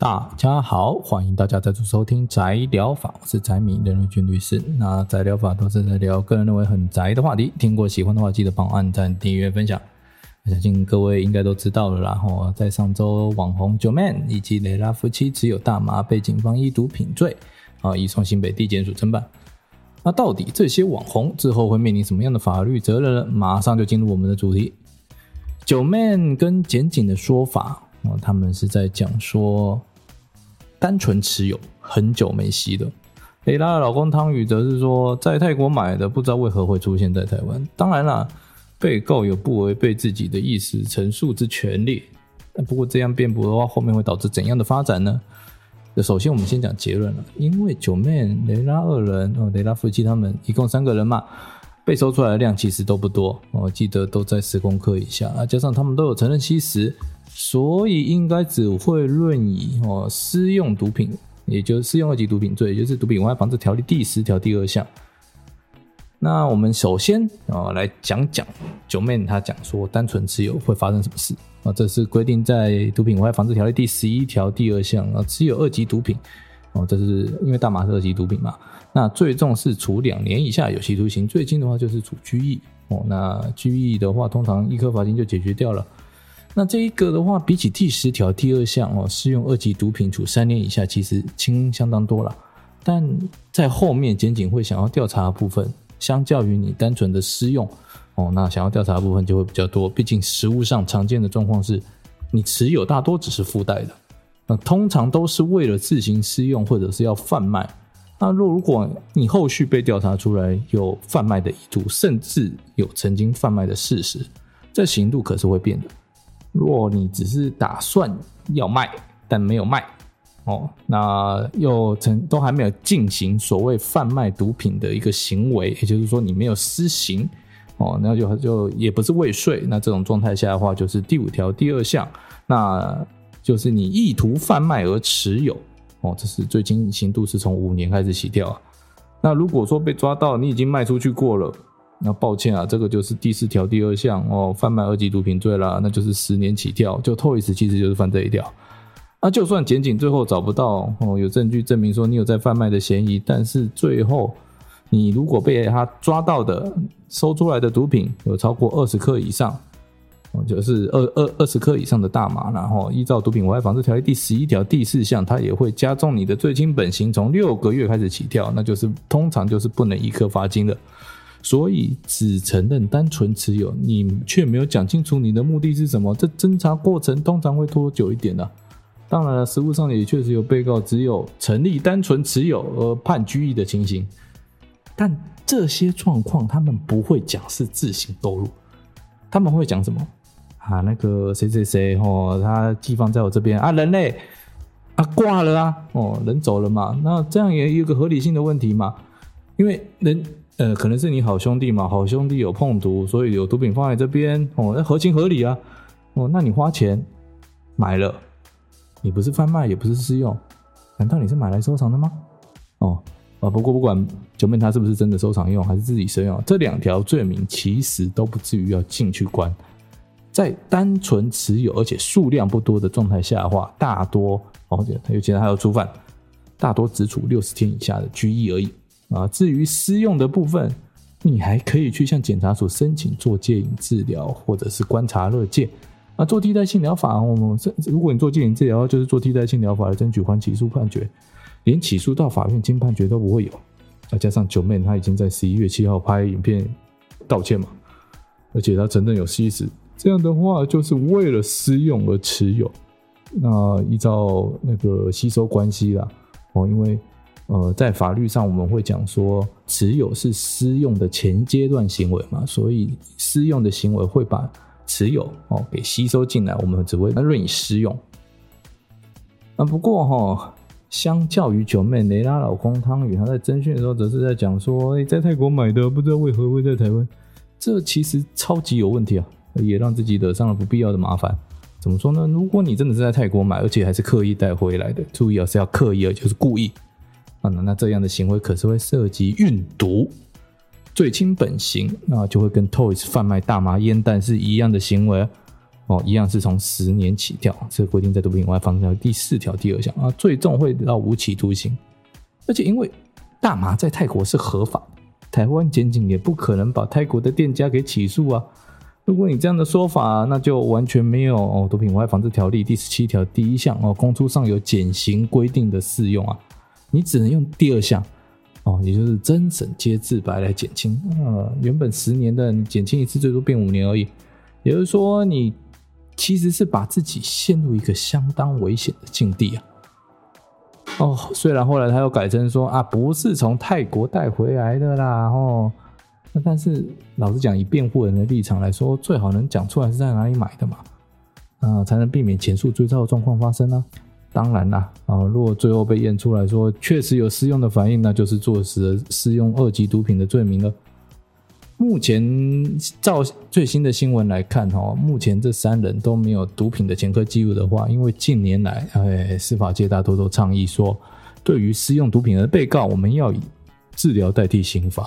大家好，歡迎大家再次收聽宅聊法，我是宅米林瑞君律師。那宅聊法都是在聊個人認為很宅的話題，聽過喜歡的話，記得幫我按讚、訂閱、分享。我相信各位應該都知道了啦。哦、在上週，網紅 Joeman 以及蕾拉夫妻持有大麻被警方依毒品罪啊移送新北地檢署偵辦。那到底這些網紅之後會面臨什麼樣的法律責任呢？馬上就進入我們的主題。Joeman 跟檢警的說法啊、哦，他們是在講說。單純持有，很久沒吸了。雷拉的老公湯宇則是說在泰國買的，不知道為何會出現在台灣。當然啦，被告有不違背自己的意思陳述之權利。但不過這樣辯駁的話，後面會導致怎樣的發展呢？首先我們先講結論了，因為九妹、雷拉二人哦，雷拉夫妻他們一共三個人嘛。被搜出來的量其實都不多，我、哦、記得都在十公克以下啊。加上他們都有承認吸食，所以應該只會論以哦，私用毒品，也就是私用二級毒品罪，也就是《毒品危害防制條例》第十條第二項。那我們首先啊、哦、來講講九妹她講說單純持有會發生什麼事啊？這是規定在《毒品危害防制條例》第十一條第二項，啊持有二級毒品。哦，這是因為大麻是二級毒品嘛？那最重是處兩年以下有期徒刑，最輕的話就是處拘役。哦，那拘役的話，通常一顆罰金就解決掉了。那這一個的話，比起第十條第二項哦，施用二級毒品處三年以下，其實輕相當多了。但在後面檢警會想要調查的部分，相較於你單純的施用哦，那想要調查的部分就會比較多。畢竟實務上常見的狀況是，你持有大多只是附帶的。呃、通常都是為了自行私用或者是要販賣。那若如果你後續被調查出來有販賣的意圖，甚至有曾經販賣的事實，這刑度可是會變的。若你只是打算要賣，但沒有賣，哦，那又曾都還沒有進行所謂販賣毒品的一個行為，也就是說你沒有施行，哦，那就就也不是未遂。那這種狀態下的話，就是第五條第二項。那就是你意圖販賣而持有哦，這是最近刑度是從五年開始起跳啊。那如果說被抓到你已經賣出去過了，那抱歉啊，這個就是第四條第二項哦，販賣二級毒品罪啦，那就是十年起跳。就 Toyz 其實就是犯這一條。那就算檢警最後找不到哦，有證據證明說你有在販賣的嫌疑，但是最後你如果被他抓到的，搜出來的毒品有超過二十克以上。就是二二二十克以上的大麻，然後依照毒品危害防治條例第十一條第四項，它也會加重你的最輕本刑，從六個月開始起跳，那就是通常就是不能一科罰金的。所以只承認單純持有，你卻沒有講清楚你的目的是什麼，這偵查過程通常會拖久一點的啊。當然了，實務上也確實有被告只有成立單純持有而判拘役的情形，但這些狀況他們不會講是自行購入，他們會講什麼？啊，那個誰誰誰哦，他寄放在我這邊啊，人呢？啊掛了啊，哦人走了嘛，那這樣也有個合理性的問題嘛，因為人呃可能是你好兄弟嘛，好兄弟有碰毒，所以有毒品放在這邊哦，那合情合理啊，哦，那你花錢買了，你不是販賣，也不是私用，難道你是買來收藏的嗎？哦啊，不過不管九妹他是不是真的收藏用，還是自己使用，這兩條罪名其實都不至於要進去關。在單純持有而且數量不多的狀態下的話，大多，而且他有初犯，大多只處六十天以下的拘役而已啊。至於私用的部分，你還可以去向檢察署申請做戒癮治療，或者是觀察勒戒。啊。做替代性療法，我們是如果你做戒癮治療，就是做替代性療法來爭取緩起訴判決，連起訴到法院經判決都不會有再、啊、加上九妹她已經在十一月七號拍影片道歉嘛，而且她承認有吸食。這樣的話，就是為了私用而持有。那依照那個吸收關係啦，哦，因為呃，在法律上我們會講說，持有是私用的前階段行為嘛，所以私用的行為會把持有哦給吸收進來。我們只會認你私用。啊，不過哈、哦，相較於九妹蕾拉老公湯宇，他在偵訊的時候則是在講說、哎，在泰國買的，不知道為何會在台灣，這其實超級有問題啊。也讓自己惹上了不必要的麻煩，怎麼說呢？如果你真的是在泰國買，而且還是刻意帶回來的，注意啊，是要刻意而就是故意啊。那這樣的行為可是會涉及運毒，最輕本刑，那就會跟 Toyz 販賣大麻菸彈是一樣的行為哦，一樣是從十年起跳。這個規定在毒品危害防制條例第四條第二項啊，最重會到無期徒刑。而且因為大麻在泰國是合法，台灣檢警也不可能把泰國的店家給起訴啊。如果你這樣的說法，那就完全沒有哦，《毒品危害防制條例》第十七條第一項哦，供出上有減刑規定的適用啊，你只能用第二項哦，也就是偵、審皆自白來減輕啊。原本十年的，你減輕一次最多變五年而已，也就是說，你其實是把自己陷入一個相當危險的境地啊。哦，雖然後來他又改成說啊，不是從泰國帶回來的啦，哦。那但是，老實講，以辯護人的立場來說，最好能講出來是在哪裡買的嘛，啊，才能避免前述追查的狀況發生呢、啊。當然啦，啊，如果最後被驗出來說確實有施用的反應，那就是坐實了施用二級毒品的罪名了。目前照最新的新聞來看，哈，目前這三人都沒有毒品的前科記錄的話，因為近年來，哎，司法界大多都倡議說，對於施用毒品的被告，我們要以治療代替刑罰。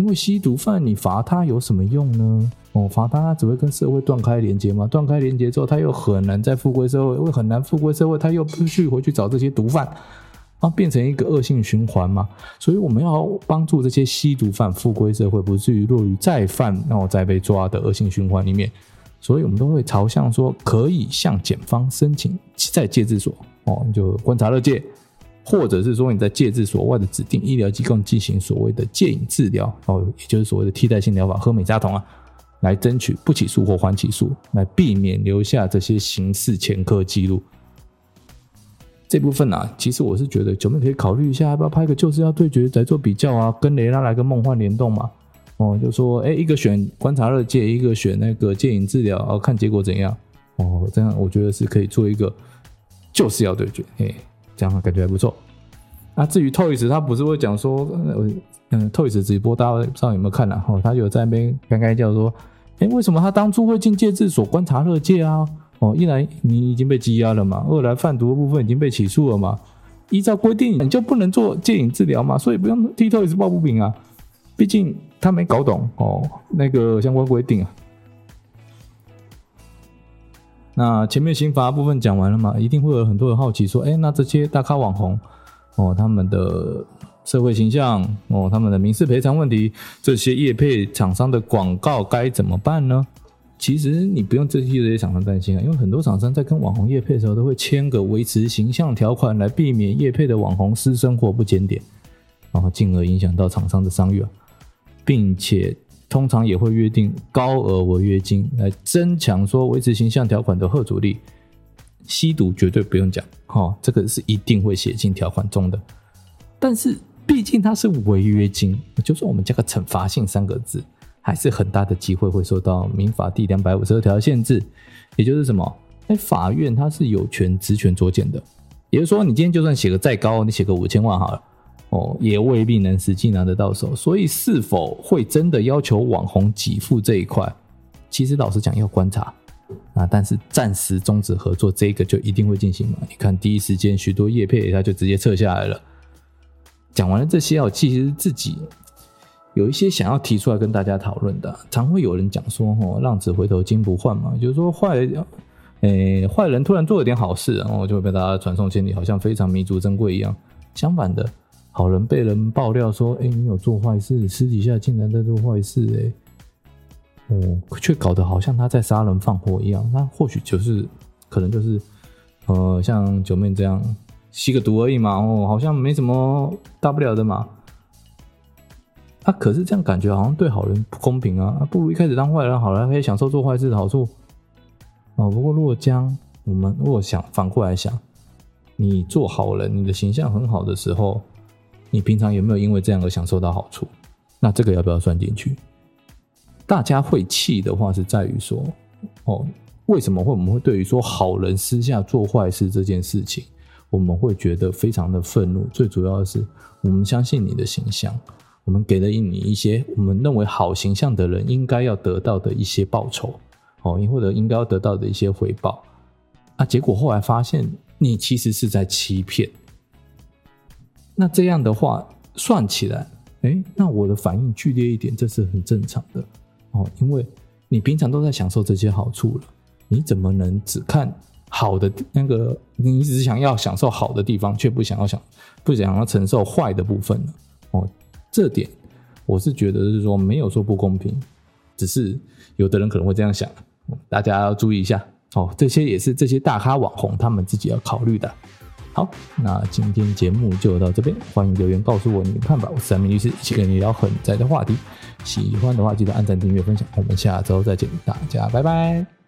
因為吸毒犯，你罰他有什麼用呢？哦，罰他，他只會跟社會斷開連接嘛，斷開連接之後，他又很難再復歸社會，因為很難復歸社會，他又必須回去找這些毒販啊，變成一個惡性循環嘛。所以我們要幫助這些吸毒犯復歸社會，不至於落於再犯，然、哦、後再被抓的惡性循環裡面。所以我們都會朝向說，可以向檢方申請在戒治所哦，就觀察勒戒。或者是說你在戒治所外的指定醫療機構進行所謂的戒癮治療，哦，也就是所謂的替代性療法，喝美沙酮啊，來爭取不起訴或緩起訴，來避免留下這些刑事前科記錄。這部分啊，其實我是覺得九妹可以考慮一下，要不要拍個就是要對決再做比較啊，跟蕾拉來個夢幻聯動嘛，哦，就說哎、欸，一個選觀察勒戒，一個選那個戒癮治療，哦，看結果怎樣，哦，這樣我覺得是可以做一個就是要對決，欸這樣感覺還不錯。那、啊、至於 TOYS，他不是會講說，嗯、呃、，TOYS 直播大家不知道有沒有看啊？哦，他有在那邊剛剛叫說，哎、欸，為什麼他當初會進戒治所觀察勒戒啊？哦，一來你已經被羈押了嘛，二來販毒的部分已經被起訴了嘛，依照規定你就不能做戒癮治療嘛，所以不用替 TOYS 抱不平啊。畢竟他沒搞懂哦那個相關規定啊。那前面刑罰部分講完了嘛，一定會有很多人好奇說，哎，那這些大咖網紅，哦，他們的社會形象，哦，他們的民事賠償問題，這些業配廠商的廣告該怎麼辦呢？其實你不用這些這些廠商擔心啊，因為很多廠商在跟網紅業配的時候，都會簽個維持形象條款來避免業配的網紅私生活不檢點，然後進而影響到廠商的商譽啊，並且，通常也會約定高額違約金來增強說維持形象條款的嚇阻力。吸毒絕對不用講，哈、哦，這個是一定會寫進條款中的。但是畢竟它是違約金，就是我們加個懲罰性三個字，還是很大的機會會受到民法第兩百五十二條的限制，也就是什麼？哎，法院它是有權職權酌減的，也就是說，你今天就算寫個再高，你寫個五千萬好了。哦，也未必能實際拿得到手，所以是否會真的要求網紅給付這一塊，其實老實講要觀察啊。那但是暫時終止合作，這個就一定會進行嘛，你看第一時間許多業配，他就直接撤下來了。講完了這些、哦，我其實自己有一些想要提出來跟大家討論的。常會有人講說，哦，浪子回頭金不換嘛，就是說壞，呃、欸，壞人突然做了點好事，然後就會被大家傳頌千里，好像非常彌足珍貴一樣。相反的。好人被人爆料說：“哎、欸，你有做壞事，私底下竟然在做壞事、欸！”哎，哦，卻搞得好像他在殺人放火一樣。那或許就是，可能就是，呃，像九妹這樣吸個毒而已嘛。哦，好像沒什麼大不了的嘛。他、啊、可是這樣感覺，好像對好人不公平啊！啊不如一開始當壞人好了，可以享受做壞事的好處。哦，不過如果將我們如果想反過來想，你做好人，你的形象很好的時候。你平常有沒有因為這樣而享受到好處？那這個要不要算進去？大家會氣的話是在於說，哦，為什麼會我們會對於說好人私下做壞事這件事情，我們會覺得非常的憤怒。最主要的是，我們相信你的形象，我們給了你一些我們認為好形象的人應該要得到的一些報酬，哦，或者應該要得到的一些回報。啊，結果後來發現你其實是在欺騙。那這樣的話，算起來，哎，那我的反應劇烈一點，這是很正常的哦，因為你平常都在享受這些好處了，你怎麼能只看好的那個，你只想要享受好的地方，卻不想要想，不想要承受壞的部分呢？哦，這點我是覺得是說沒有說不公平，只是有的人可能會這樣想，大家要注意一下哦，這些也是這些大咖網紅他們自己要考慮的。好，那今天節目就到這邊，歡迎留言告訴我你的看法。我是三名律師，一起跟你聊很宅的話題。喜歡的話，記得按贊、訂閱、分享。我們下周再見，大家拜拜。